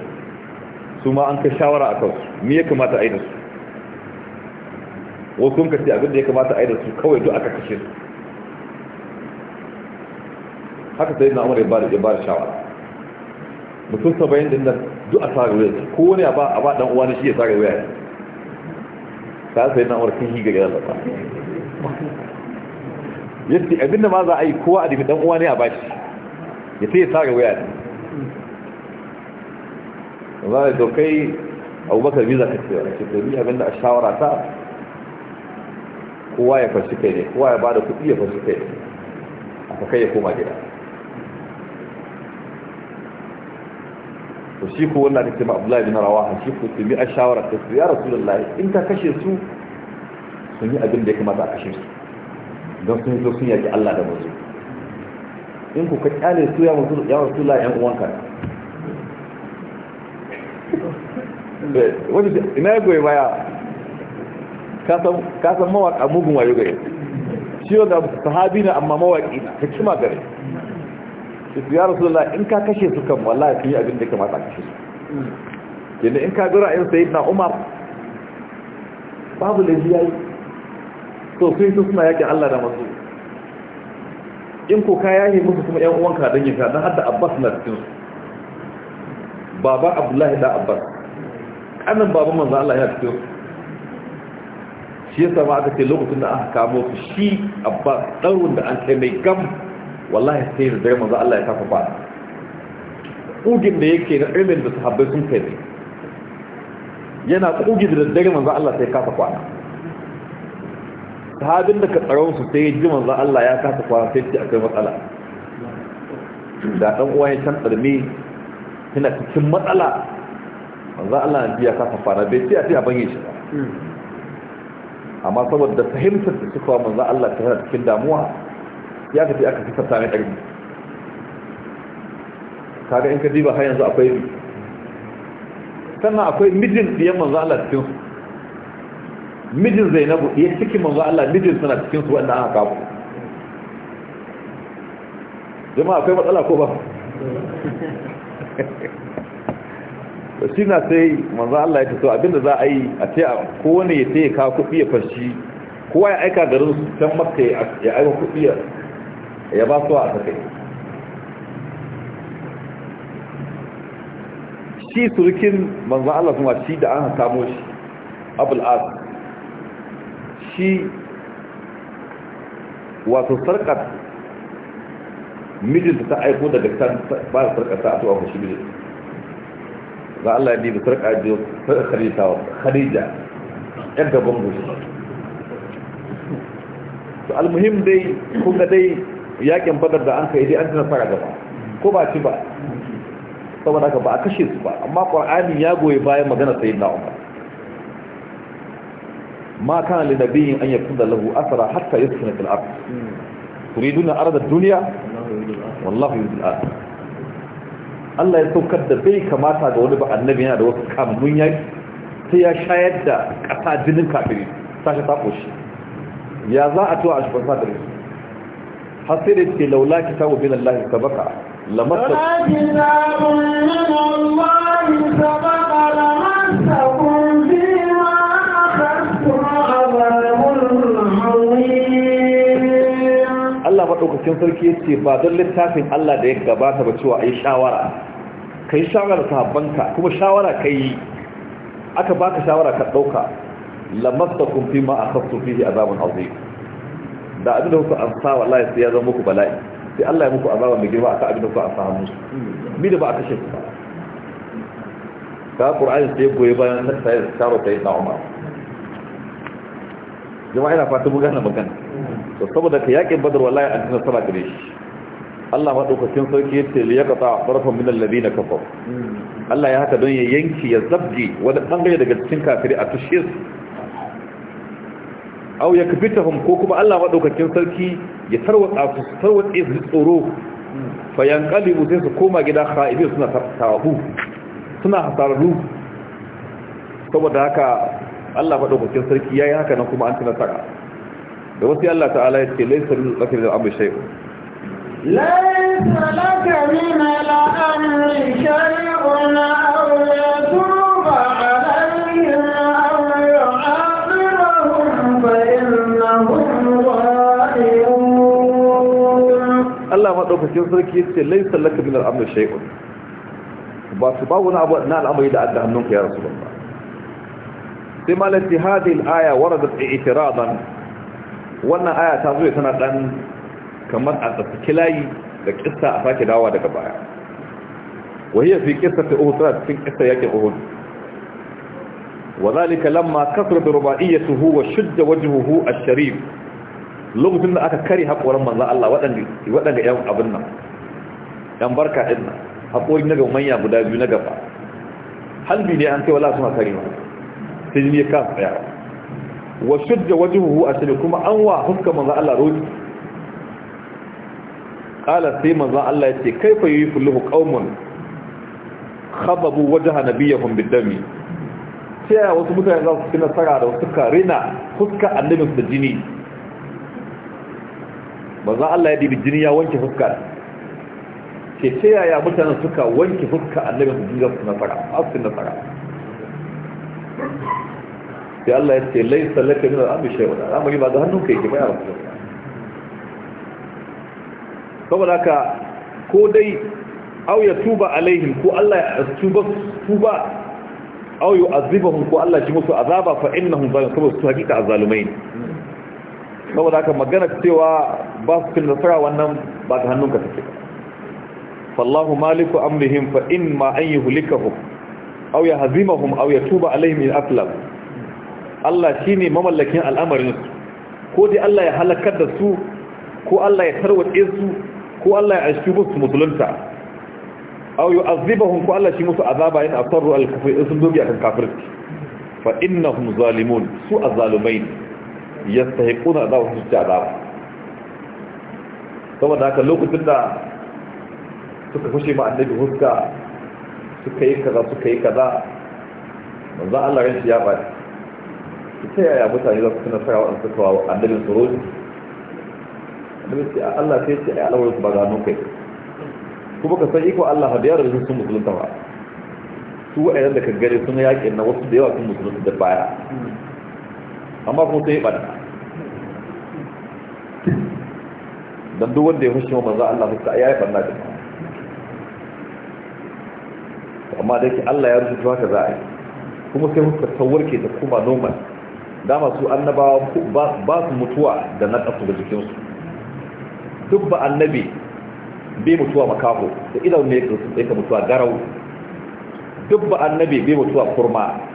su ma an kai shawara a kansu me ya kamata a yi da su wasu sun kasi abinda ya kamata a yi da su kawai duk aka kashe su haka sai na umar ya ba da shawara mutum saba inda nan duk a sa ga wuya ko wani a ba dan uwa na shi ya sa ga wuya ka sai na warkin higa ya zaba yace abinda ma za a yi kowa a dafi dan uwa ne a bashi ya sai ya sa ga to za a dokai abubakar biza ka ce wani shekaru abinda a shawara ta kowa ya fashi kai ne kowa ya bada kuɗi ya fashi kai ne a kai ya koma gida to shi ko wannan da ke ma abdullahi bin rawaha shi ko tumi a shawara ta su ya rasulullahi in ka kashe su sun yi abin da ya kamata a kashe su don sun zo sun yaki allah da mazu in ku ka kyale su ya mazu ya mazu la yan uwanka eh, wani ina goyi baya ka san mawaƙa mugun wayo gare shi wanda sahabi na amma mawaƙi na ta cima su ya rasulullah in ka kashe su kan wallahi sun yi abin da kamata a kashe su yadda in ka gura in sayi na umar babu laifi ya yi so sun yi su suna yakin allah da masu in ko ka yaye musu kuma yan uwanka don yin don hada abbas na cikin su baba abdullahi da abbas kanin baban manzan allah ya cikin su shi yasa ma aka ce lokacin da aka kamo su shi abbas ɗaurin da an kai mai gam wallahi sai da dare manzo Allah ya kafa ba kugin da yake na ilmin da sahabbai sun kai ne yana kugi da dare manzo Allah sai kafa kwana sahabin da ka tsaro su sai ji manzo Allah ya kafa kwana sai ci akai matsala da dan uwa ya san tsarmi yana cikin matsala manzo Allah ya kafa kwana bai ce a ce a banye shi ba hmm. amma saboda fahimtar da suka manzo Allah ta cikin damuwa ya tafi aka fi sassa na ƙarfi kaga in ka diba har yanzu akwai bi sannan akwai mijin ɗiyan manzo Allah cikin su mijin zainabu ya cikin manzo Allah mijin suna cikin su wanda aka kafu jama'a akwai matsala ko ba shi na sai manzo Allah ya ce to abinda za a yi a ce a kowane ya ce ka kuɗi ya fashi kowa ya aika garin su can makka ya aika kuɗi ya ba su a sakai shi surukin manzan Allah kuma shi da an samu shi abul'ad shi wato sarkat mijinta ta aiko daga can ba da sarkata a tuwa shi mijinta za Allah ya da sarka biyu sarka khadija yan gaban gushi to almuhim dai kuma dai yakin badar da an kai dai an tana fara gaba ko ba ci ba saboda haka ba a kashe su ba amma qur'ani ya goyi bayan magana sayyidina umar ma kana li nabiyyin an yakuna lahu asra hatta yuskina fil ard turiduna arda ad-dunya wallahu yuridul akhirah Allah ya saukar da bai kamata ga wani ba annabi yana da wasu kamun yaki sai ya shayar da kasa jinin kafiri sashi ta koshi ya za a tuwa a shi sa da su hasir da ke laula kitabu min Allah ka baka lamasta Allah maɗaukacin sarki ya ce ba don littafin Allah da ya gabata ba cewa a shawara ka yi shawara ta habbanka kuma shawara kai aka baka shawara ka ɗauka lamasta kun fi ma a kasu fi azabun azim da abin da kuka amsa wallahi sai ya zama muku bala'i sai Allah ya muku azaba mai girma akan abin da kuka amsa hannu bi da ba a kashe ku ba ka Qur'ani sai goyi bayan ta sai taro ta yi na Umar jama'a ina fata mun gane magana to saboda ka yakin Badar wallahi an tana sala gare shi Allah madaukakin sarki yace li yaqta tarafan min alladhina kafaru hmm. Allah ya haka don ya yanki ya zabge wani bangare daga cikin kafiri a tushe aw yakbitahum ko kuma Allah madaukakin sarki ya tarwatsa su tarwatsa su tsoro fa yanqalibu sai su koma gida khaibi suna tawahu suna hasararu saboda haka Allah madaukakin sarki yayi haka nan kuma an tuna saka da wasu Allah ta'ala ya ce laysa lil qatl al amr shay'un laysa laka min al amr shay'un madaukakin sarki yace laysa laka min al'amur amr ba su ba wani abu na al'amari da adda hannunka ya rasu ba sai malati hadhihi al-aya waradat i'tiradan wannan aya ta zo tana ɗan kamar a tsaki layi da kissa a sake dawa daga baya وهي في قصة أهد في قصة يكي أهد وذلك لما كثرت ربائيته huhu a sharif. lokacin da aka kare haƙorin manzan Allah waɗanda ‘yan abin nan ‘yan barka ɗin nan haƙorin na gaba manya guda biyu na gaba halbi ne an kai wala suna kare ma sai jini ya kafa tsaya wa shudda waje huhu a shirin kuma an wa huska manzan Allah roƙi ƙala sai manzan Allah ya ce kai fa yi kulluhu ƙaumun khababu wajaha nabiyahum bidami sai wasu mutane za su fi nasara da wasu karina huska annabinsu da jini manzon Allah ya dibi jini ya wanke fuska ke ce yaya mutanen suka wanke fuska annabi su jiza su nasara asin nasara sai Allah ya ce laisa laka min da amri shay'un al'amari ba ga hannunka yake ba ya rasu saboda haka ko dai au ya tuba alaihim ko Allah ya tuba tuba aw yu'azibahum ko Allah ya ji musu azaba fa innahum zalimun saboda su hakika azalumain saboda haka magana cewa ba su cin nasara wannan ba ta hannunka ta take fallahu maliku amrihim fa in ma an yuhlikahum aw yahzimahum aw tuba alaihim in aflam Allah shi ne mamallakin al'amarin su ko dai Allah ya halakar da su ko Allah ya tarwaɗe su ko Allah ya ashi musu musulunta aw yu'azzibahum ko Allah shi musu azaba in asarru al-kafir sun dogi akan kafirci fa innahum zalimun su ne. yastahiquna da wasu azab saboda haka lokacin da suka kushe ma annabi huska suka yi kaza suka yi kaza manzo Allah ran shi ya bari ita yaya mutane za su na sarawa an suka wa annabin sururi annabi sai Allah sai ce ai alawar su ba gano kai kuma ka san iko Allah da yaran sun musulunta ba su wa'ayan da ka sun yaƙin na wasu da yawa sun musulunta da baya amma kuma sai barna dan duk wanda ya hushe wa manzo Allah sai ya yi ɓanna da amma da yake Allah ya rubuta haka za a yi kuma sai huska ta warke ta kuma normal dama su annabawa ba su mutuwa da na ƙasu da jikinsu duk ba annabi bai mutuwa makaho da idan ne ya ka mutuwa garau duk ba annabi bai mutuwa kurma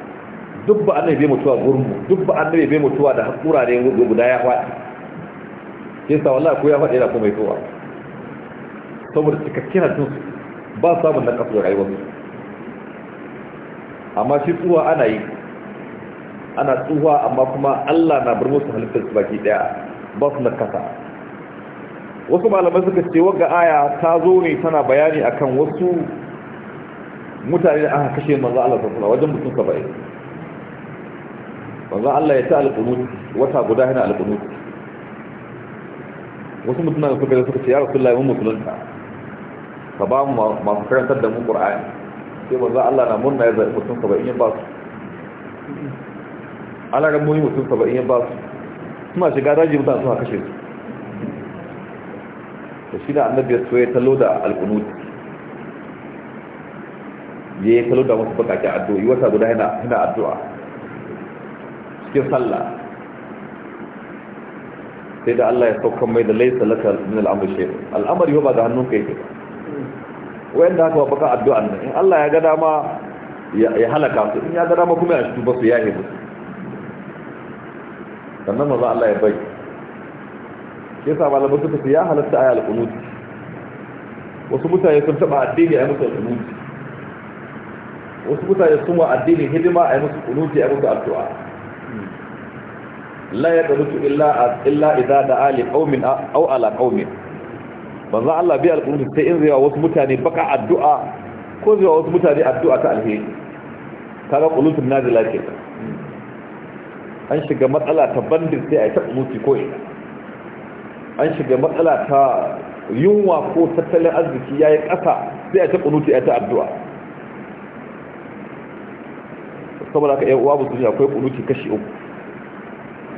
duk ba annabi bai mutuwa gurmu duk ba annabi bai mutuwa da kurare guda ya faɗi sa wallahi ko ya faɗi yana kuma mutuwa saboda cikakken hatun ba samun na kasu da amma shi tsuwa ana yi ana tsuwa amma kuma Allah na bar musu halittar su baki daya ba su na kasa wasu malamai suka ce wagga aya ta zo ne tana bayani akan wasu mutane da aka kashe manzo Allah sallallahu alaihi wasallam wajen mutum 70 wanzan Allah ya ta alƙunut wata guda yana alƙunut wasu mutuna da suka suka ce ya rasu mun musulunta ka ba mu masu karantar da mun ƙura'ayi sai wanzan Allah na murna ya zai mutum saba'in yin ba su ana ga muni mutum saba'in yin ba su suna shiga daji mutane suna kashe su da shi da annabi ya soya talo da alƙunut ya yi talo da masu bakaƙe addu'o'i wata guda yana addu'a cikin sallah sai da Allah ya saukan mai da laisa laka min al'amr shay al'amari ba da hannun kai ba wanda aka baka addu'an nan in Allah ya ga dama ya halaka su in ya ga dama kuma ya shi ba su yahe musu sannan maza Allah ya bai shi yasa malamai suka su ya halatta ayi al-qunut wasu mutane sun taba addini ya musu al-qunut wasu mutane sun wa addini hidima ya musu qunut ayi musu addu'a la ya ɗarutu illa idza da ali ƙaumin au ala ƙaumin ba za Allah biya alƙunutu sai in zai wasu mutane baka addu'a ko zai wasu mutane addu'a ta alheri kaga ƙunutun nazila ke an shiga matsala ta bandin sai a yi ta ƙunutu ko ina an shiga matsala ta yunwa ko tattalin arziki ya yi ƙasa sai a ta ƙunutu ya ta addu'a saboda aka yan uwa musulmi akwai kunuti kashi uku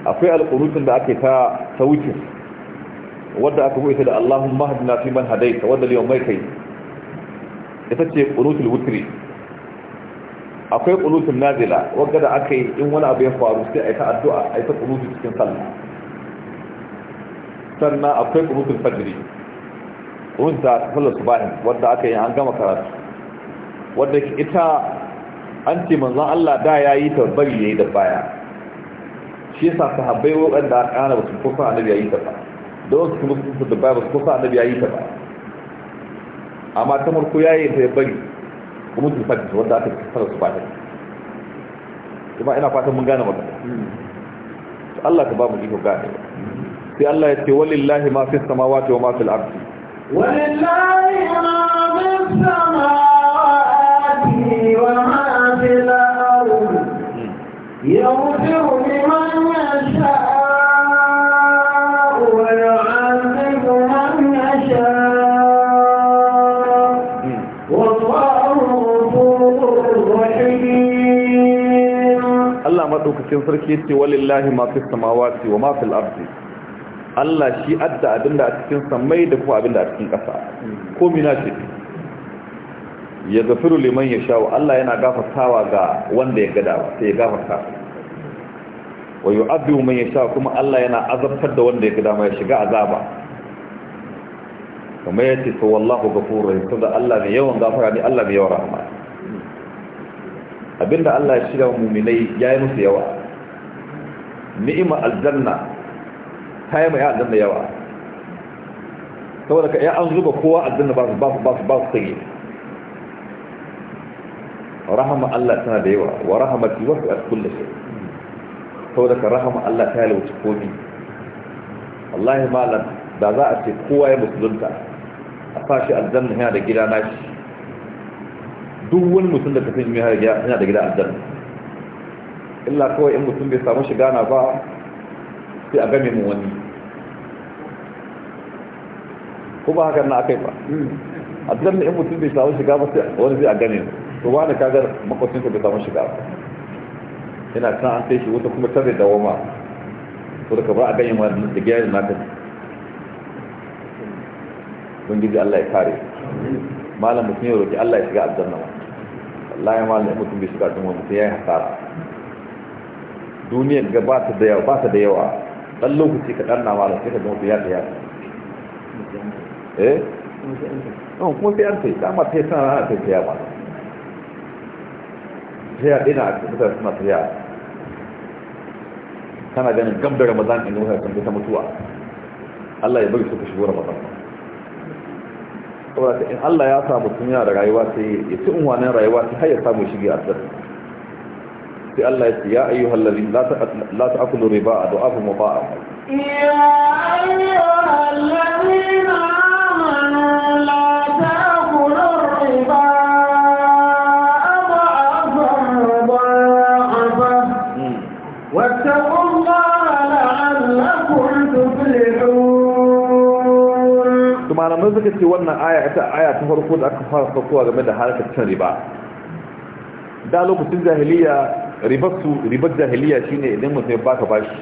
akwai alƙunutun da ake yi ta ta wadda aka buɗe da Allahumma hadina fi man hadaita wadda liyan mai kai ita ce kunutul wutri akwai kunutul nazila wadda da aka yi in wani abu ya faru sai a yi ta addu'a a yi ta kunutu cikin sallah sannan akwai kunutul fajri kunta sallar subahin wadda aka yi an gama karatu wadda ita an ce manzon Allah da ya yi ta bari yi da baya shi yasa sahabbai da aka hana ba su kusa annabi yi ta ba da wasu kuma su da baya ba su kusa annabi yi ta ba amma ta ya yi ta ya bari kuma su fadi wanda aka fara su ba ta kuma ina fatan mun gane magana Allah ka ba mu iko gane sai Allah ya ce walillahi ma fis samawati wa ma fil ardi walillahi ma fis samawati madaukakin sarki ce walillahi ma fi samawati wa ma fil ardi Allah shi adda abinda a cikin samai da kuma abinda a cikin ƙasa ko mina ce ya gafiru liman ya sha wa Allah yana gafartawa ga wanda ya gada sai ya gafarta wa yu'adhibu man yasha kuma Allah yana azabtar da wanda ya gada ma ya shiga azaba kuma yace to wallahu ghafurur rahim saboda Allah ne yawan gafara ne Allah ne yawan rahama abinda Allah ya shirya mu'minai yayi musu yawa ni'ima aljanna ta yi mai aljanna yawa saboda ka ya an zuba kowa aljanna ba su ba su ba su ba su tsaye rahama Allah tana da yawa wa rahama rahamati wasu a kulle shi saboda ka rahama Allah ta yi wuce komi wallahi malam da za a ce kowa ya musulunta a fashi aljanna yana da gida nashi duk wani mutum da ka san yana da gida aljanna illa kawai in mutum bai samu shiga na ba sai a game mu wani ko ba hakan na aka yi ba a da in mutum bai samu shiga ba sai wani zai a gane, mu to wani kagar makwacinka bai samu shiga ba yana kan an sai shi wata kuma tare da wama ko da ka ba a ganyen wani da gyara na ta ubangiji Allah ya kare malam mutum ya roki Allah ya shiga aljanna wallahi malam mutum bai shiga aljanna mutum yi hasara duniyar ga ba ta da yawa ba ta da yawa dan lokaci ka dan nama sai ka gama biya da yawa eh no kuma sai an sai dama sai sana rana ta ta yawa sai a dina a kusa suna ta yawa kana ganin gam da ramadan in wata sun ta mutuwa Allah ya bari su ka shigo ramadan saboda in Allah ya samu tun yana da rayuwa sai ya ci unwanin rayuwa sai har ya samu shige a tsarki sai Allah ya ce ya ayyuhal ladina la ta'kulu riba du'afu muba'a ya ayyuhal ladina amanu la ta'kulu riba واتقوا الله لعلكم تفلحون ثم أنا مزكت وانا آية آية تفرقون أكفار الصفوة game da harkar cin riba da lokacin jahiliya ribar jahiliya shi ne idan mutum ya baka bashi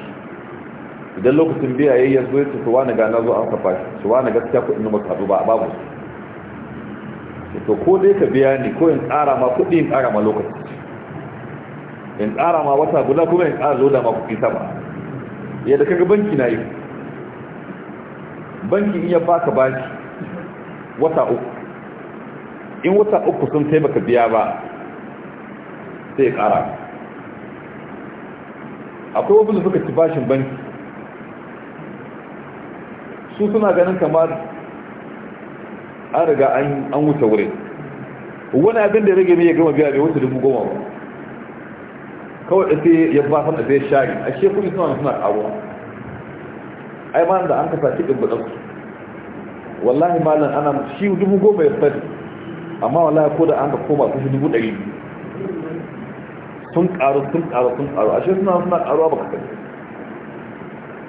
idan lokacin biya ya ya yanzu ya ce wani ga na zuwa an ka bashi su wani gaskiya kuɗin da muka ba a babu su. to ko dai ka biya ni ko in ƙara ma kuɗi in ƙara ma lokaci in ƙara ma wata guda kuma in ƙara zo da ma kuɗi sama yadda kaga banki na yi banki in ya baka bashi wata uku in wata uku sun taimaka biya ba sai ya ƙara akwai wasu da suka ci bashin banki su suna ganin kamar an riga an wuce wuri. wani abin da ya rage ne ya gama biya bai wuce dubu goma ba kawai da sai ya ba sana sai shari a shi kudi suna suna karuwa ai ma da an kasa cikin budan wallahi malam ana shi dubu goma ya fadi amma wallahi ko da an ka koma su dubu ɗari biyu sun karu sun karu sun karu ashe suna suna karuwa baka kai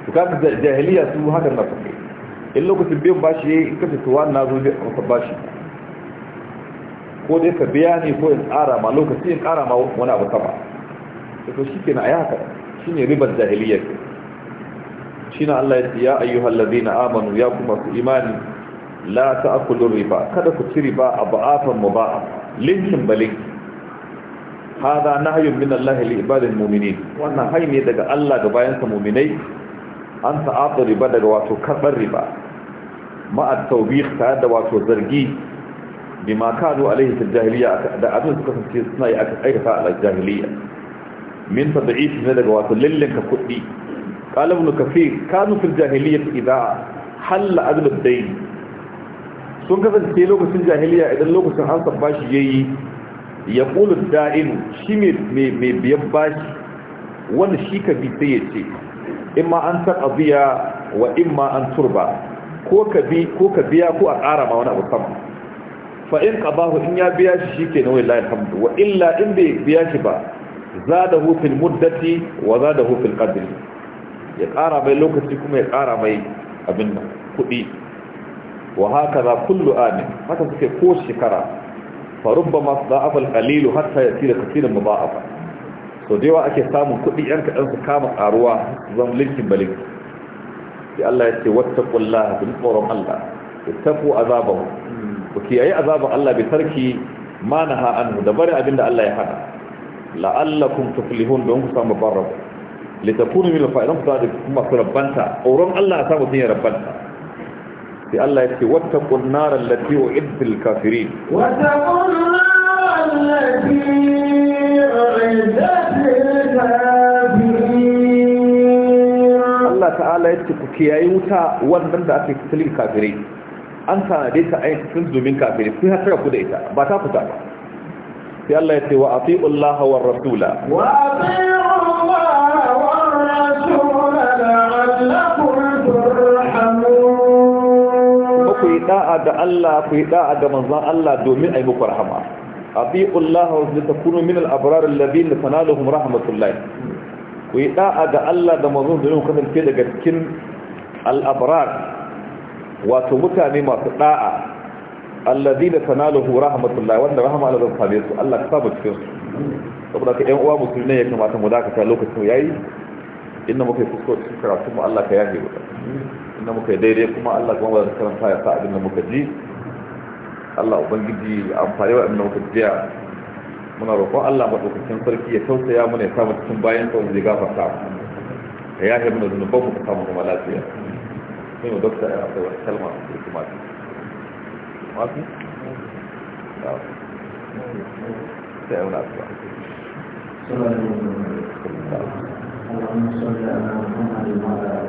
to kaga jahiliya su haka na kai in lokacin biyan bashi yayi in kace to wannan nazo zai a bashi ko dai ka biya ne ko in tsara ma lokaci in tsara ma wani abu sama to shi ke na a yi haka shi ne ribar jahiliyar shi na Allah ya ce ya ayyuhal ladina amanu ya kuma su imani la ta'kulu riba kada ku ci riba a ba'afan mu ba'a linkin ba linkin hada nahyun min Allah li ibadil mu'minin wannan hay ne daga Allah ga bayansa mu'minai an ta'atu riba daga wato karbar riba ma at-tawbih ta da wato zargi bima kanu alaihi fil jahiliya da abin suka kasance suna yi aka aikata a jahiliya min tad'if ne daga wato lillin ka kudi qala ibn kafir kanu fil jahiliya idha halla adlu dayn sun kasance lokacin jahiliya idan lokacin hansa bashi yayi ya ƙulu da'inu shi mai biyan bashi Wani shi ka bi sai ya ce in an an taɓa wa in an turba ko ka biya ko a ƙara ma wani abu sama fa'in ƙabahu in ya biya shi shi ke nawai layar hamdu wa illa in bai biya shi ba za da hufin muddati wa za da hufin ƙadiri ya ƙara mai lokaci kuma ya ƙara mai abin kuɗi wa haka za kullu amin haka suke ko shekara فربما ضعف da حتى يصير كثيرا مضاعفا so da yawa ake samun kuɗi yan kaɗan su kama ƙaruwa zan linkin balin sai Allah ya ce wata ƙulla bin tsoron Allah ya tafi azabahu ku kiyaye azaban Allah bi tarki ma na ha'anhu da bari abinda Allah ya hana la'allakum tuflihun don ku samu barrabu litakunu min fa'idan ku ta da kuma ku rabbanta tsoron Allah ya samu sun yi rabbanta sai Allah ya ce wattaqun naral lati u'iddat kafirin wattaqun naral lati u'iddat kafirin Allah ta'ala ya ce ku kiyaye wuta wannan da ake tilin kafirai an tanade ta ayyuka sun domin kafirai sai har ku da ita ba ta fita ba sai Allah ya ce wa atiullaha war rasula wa atiullaha da'a da Allah ku yi da'a ga manzon Allah domin ai muku rahama abi'u Allah wa zata kunu min al-abrar alladhina tanaluhum rahmatullah ku yi da'a ga Allah da manzon domin ku kasance daga cikin al-abrar wato mutane masu da'a alladhina tanaluhum rahmatullah wanda rahama Allah zan same su Allah ka saba cikin su saboda ka ɗan uwa musulmi ya kamata mu dakata lokacin yayi inda muka yi fuskoci karatu mu Allah ka yafe mu inda muka yi daidai kuma Allah kuma ba da karanta ya sa abin da muka ji Allah ubangiji amfani wa abin da muka jiya muna roƙon Allah maɗaukakin sarki ya tausaya mana ya samu cikin bayan sa wanda ya gafarta ya yahe mana zunuban mu ka samu kuma lafiya sai mu dokta ya sai wani kalma da kuma ta mafi sai ya wuna asuwa اللهم صل على محمد وعلى